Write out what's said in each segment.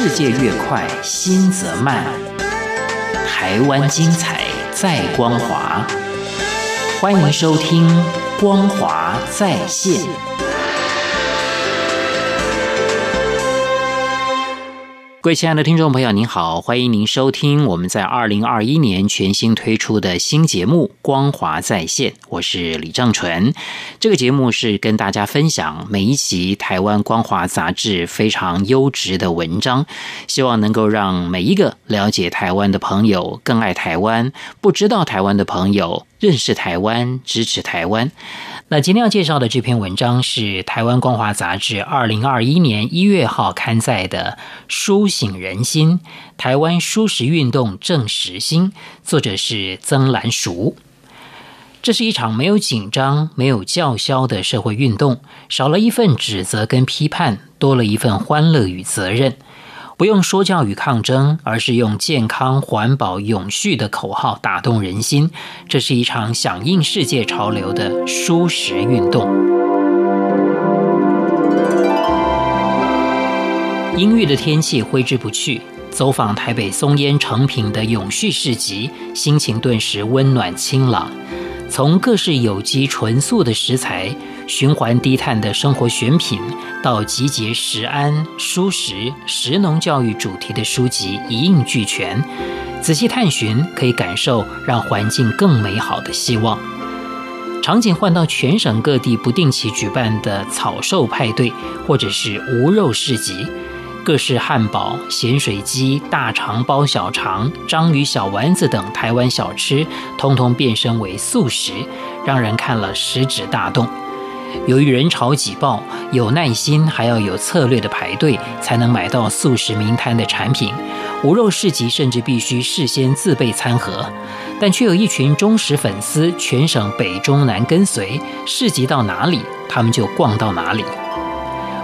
世界越快，心則慢。台灣精彩，再光華。歡迎收聽《光華再現》。各位親愛的聽眾朋友，您好，歡迎您收聽我們在二零二一年全新推出的新節目《光華在線》，我是李正淳。這個節目是跟大家分享每一集台灣《光華》雜誌非常優質的文章，希望能夠讓每一個了解台灣的朋友更愛台灣，不知道台灣的朋友，認識台灣，支持台灣。那今天要介紹的這篇文章是《台灣光華雜誌》二零二一年一月號刊載的《蔬醒人心：台灣蔬食運動正時興》，作者是曾蘭淑。這是一場沒有緊張、沒有叫囂的社會運動，少了一份指責跟批判，多了一份歡樂與責任。不用說教與抗爭，而是用健康、環保、永續的口號打動人心。這是一場響應世界潮流的蔬食運動。陰鬱的天氣揮之不去，走訪台北松煙成品的永續市集，心情頓時溫暖清朗。從各式有機純素的食材。循環低碳的生活選品，到集結食安、蔬食、食農教育主題的書籍一應俱全。仔細探尋，可以感受讓環境更美好的希望。場景換到全省各地不定期舉辦的草獸派對，或者是無肉市集，各式漢堡、鹹水雞、大腸包小腸、章魚小丸子等台灣小吃，通通變身為素食，讓人看了食指大動。由於人潮擠爆，有耐心還要有策略的排隊，才能買到素食名攤的產品。無肉市集甚至必須事先自備餐盒，但卻有一群忠實粉絲，全省北中南跟隨，市集到哪裡，他們就逛到哪裡。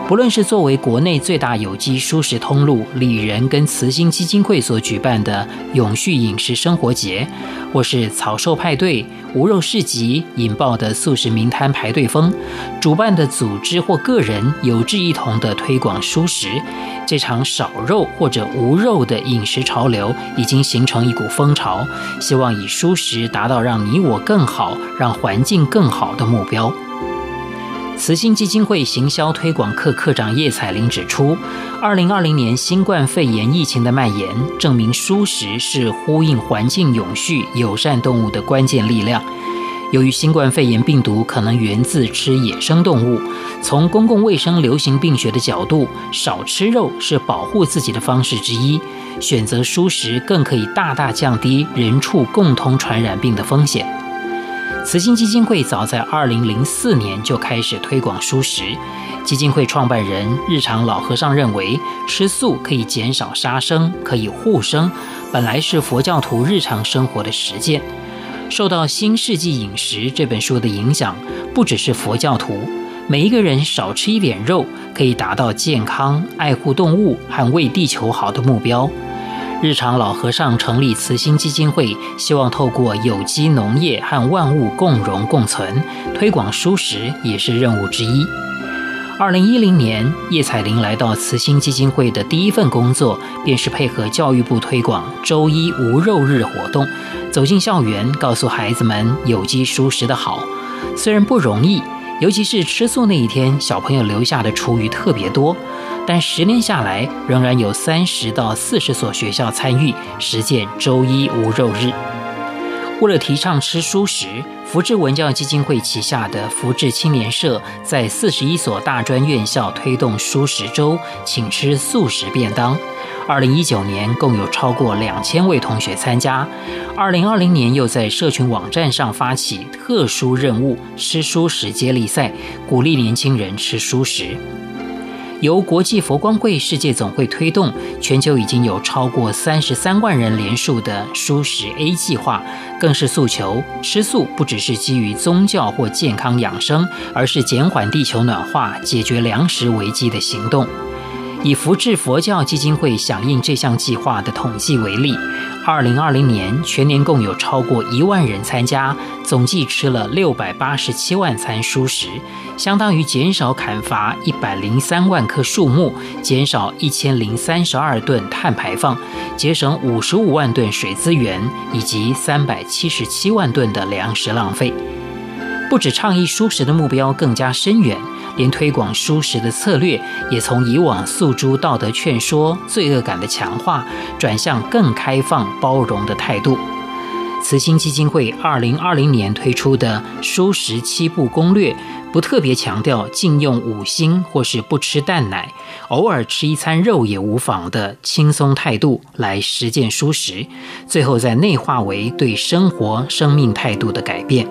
不論是作為國內最大有機蔬食通路里仁跟慈心基金會所舉辦的永續飲食生活節，或是草獸派對無肉市集引爆的素食名攤排隊風，主辦的組織或個人有志一同地推廣蔬食，這場少肉或者無肉的飲食潮流已經形成一股風潮，希望以蔬食達到讓你我更好、讓環境更好的目標。慈心基金會行銷推廣課課長葉彩玲指出，二零二零年新冠肺炎疫情的蔓延，證明蔬食是呼應環境永續、友善動物的關鍵力量。由於新冠肺炎病毒可能源自吃野生動物，從公共衛生流行病學的角度，少吃肉是保護自己的方式之一。選擇蔬食更可以大大降低人畜共同傳染病的風險。慈心基金會早在2004年就開始推廣蔬食。基金會創辦人日常老和尚認為，吃素可以減少殺生，可以護生，本來是佛教徒日常生活的實踐。受到《新世紀飲食》這本書的影響，不只是佛教徒，每一個人少吃一點肉，可以達到健康、愛護動物、和為地球好的目標。日常老和尚成立慈心基金會，希望透過有機農業和萬物共榮共存，推廣蔬食也是任務之一。二零一零年，葉彩玲來到慈心基金會的第一份工作，便是配合教育部推廣週一無肉日活動，走進校園，告訴孩子們有機蔬食的好。雖然不容易。尤其是吃素那一天，小朋友留下的廚餘特別多，但十年下來，仍然有三十到四十所學校參與實踐周一無肉日。為了提倡吃蔬食，福智文教基金會旗下的福智青年社在四十一所大專院校推動蔬食週，請吃素食便當。二零一九年共有超過兩千位同學參加。二零二零年又在社群網站上發起特殊任務——吃蔬食接力賽，鼓勵年輕人吃蔬食。由國際佛光會世界總會推動，全球已經有超過三十三萬人連署的“蔬食 A 計劃”，更是訴求吃素不只是基於宗教或健康養生，而是減緩地球暖化、解決糧食危機的行動。以福智佛教基金會響應這項計劃的統計為例，二零二零年全年共有超過一萬人參加，總計吃了六百八十七萬餐蔬食，相當於減少砍伐一百零三萬棵樹木，減少一千零三十二噸碳排放，節省五十五萬噸水資源以及三百七十七萬噸的糧食浪費。不止倡議蔬食的目標更加深遠。連推廣蔬食的策略也從以往訴諸道德勸說、罪惡感的強化，轉向更開放包容的態度。慈心基金會2020年推出的蔬食七步攻略，不特別強調禁用五辛或是不吃蛋奶，偶爾吃一餐肉也無妨的輕鬆態度來實踐蔬食，最後再內化為對生活、生命態度的改變。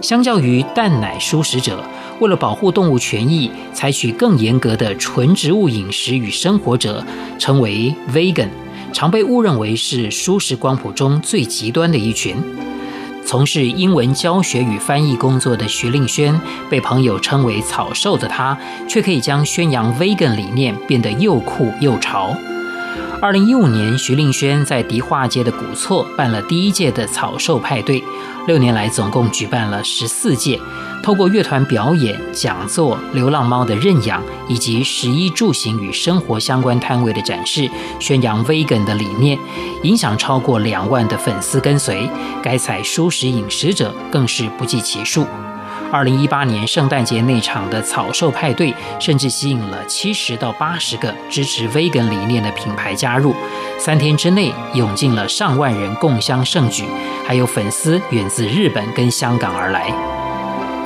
相較於蛋奶蔬食者。為了保護動物權益，採取更嚴格的純植物飲食與生活者，稱為 vegan，常被誤認為是蔬食光譜中最極端的一群。從事英文教學與翻譯工作的徐令軒，被朋友稱為“草獸”的他，却可以將宣揚 vegan 理念變得又酷又潮。二零一五年，徐令軒在迪化街的古厝辦了第一屆的草獸派對，六年來總共舉辦了十四屆。透過樂團表演、講座、流浪貓的認養，以及食衣住行與生活相關攤位的展示，宣揚 Vegan 的理念，影響超過兩萬的粉絲跟隨。該採蔬食飲食者更是不計其數。二零一八年聖誕節那場的草獸派對，甚至吸引了七十到八十個支持 vegan 理念的品牌加入。三天之內，湧進了上萬人共襄盛舉，還有粉絲遠自日本跟香港而來。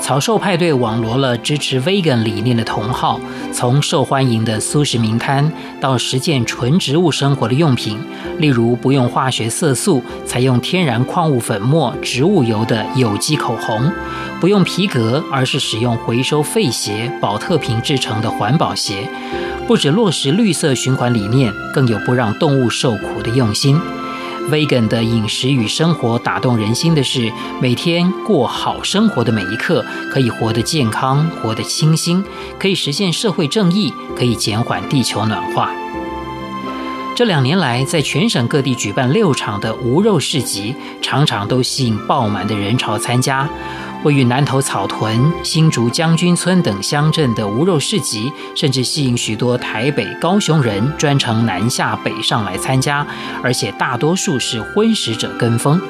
草獸派對網羅了支持 Vegan 理念的同好，從受歡迎的蔬食名攤，到實踐純植物生活的用品，例如不用化學色素、採用天然礦物粉末、植物油的有機口紅，不用皮革而是使用回收廢鞋、寶特瓶製成的環保鞋，不只落實綠色循環理念，更有不讓動物受苦的用心。Vegan 的飲食與生活打動人心的是，每天過好生活的每一刻，可以活得健康，活得清新，可以實現社會正義，可以減緩地球暖化。這兩年來，在全省各地舉辦六場的無肉市集，常常都吸引爆滿的人潮參加。位於南投草屯、新竹將軍村等鄉鎮的無肉市集，甚至吸引許多台北、高雄人專程南下北上來參加，而且大多數是葷食者跟風。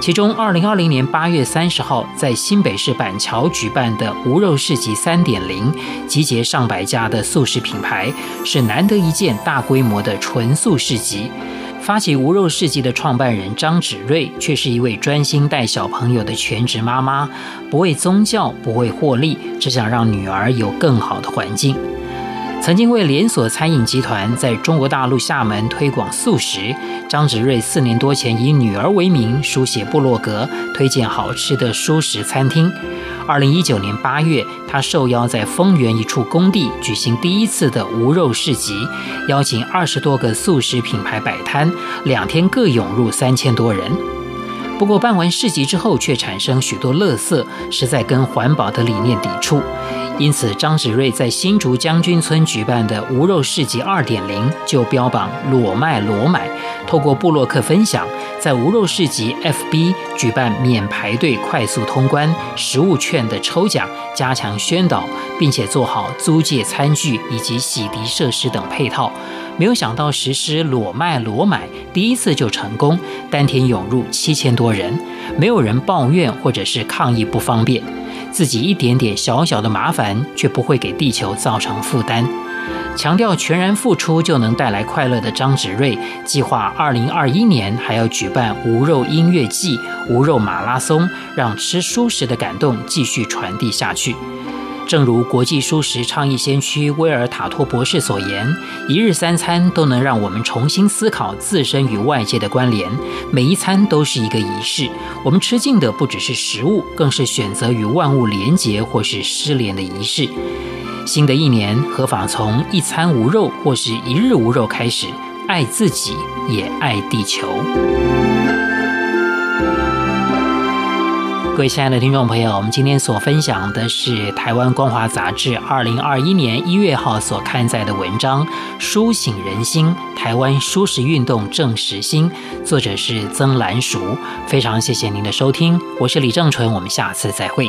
其中，2020年8月30號在新北市板橋舉辦的無肉市集3.0，集結上百家的素食品牌，是難得一見大規模的純素市集。發起無肉市集的創辦人張芷睿，卻是一位專心帶小朋友的全職媽媽，不為宗教，不為獲利，只想讓女兒有更好的環境。曾經為連鎖餐飲集團在中國大陸廈門推廣素食，張芷睿四年多前以女兒為名書寫部落格，推薦好吃的素食餐廳。二零一九年八月，他受邀在豐原一處工地舉行第一次的無肉市集，邀請二十多個素食品牌擺攤，兩天各湧入三千多人。不過辦完市集之後，卻產生許多垃圾，實在跟環保的理念抵觸。因此，張子睿在新竹將軍村舉辦的無肉市集2.0就標榜裸賣裸買，透過部落客分享，在無肉市集 FB 舉辦免排隊快速通關、食物券的抽獎、加強宣導，並且做好租借餐具以及洗滌設施等配套。沒有想到實施裸賣裸買，第一次就成功，當天湧入七千多人，沒有人抱怨或者是抗議不方便。自己一點點小小的麻煩，卻不會給地球造成負擔。強調全然付出就能帶來快樂的張芷睿，計劃二零二一年還要舉辦無肉音樂季、無肉馬拉松，讓吃蔬食的感動繼續傳遞下去。正如國際蔬食倡議先驅威爾塔托博士所言，一日三餐都能讓我們重新思考自身與外界的關聯。每一餐都是一個儀式，我們吃進的不只是食物，更是選擇與萬物連結或是失聯的儀式。新的一年，何妨從一餐無肉或是一日無肉開始，愛自己，也愛地球。各位親愛的聽眾朋友，我們今天所分享的是《台灣光華雜誌》二零二一年一月號所刊載的文章《蔬醒人心》，台灣蔬食運動正時興，作者是曾蘭淑。非常謝謝您的收聽，我是李正淳，我們下次再會。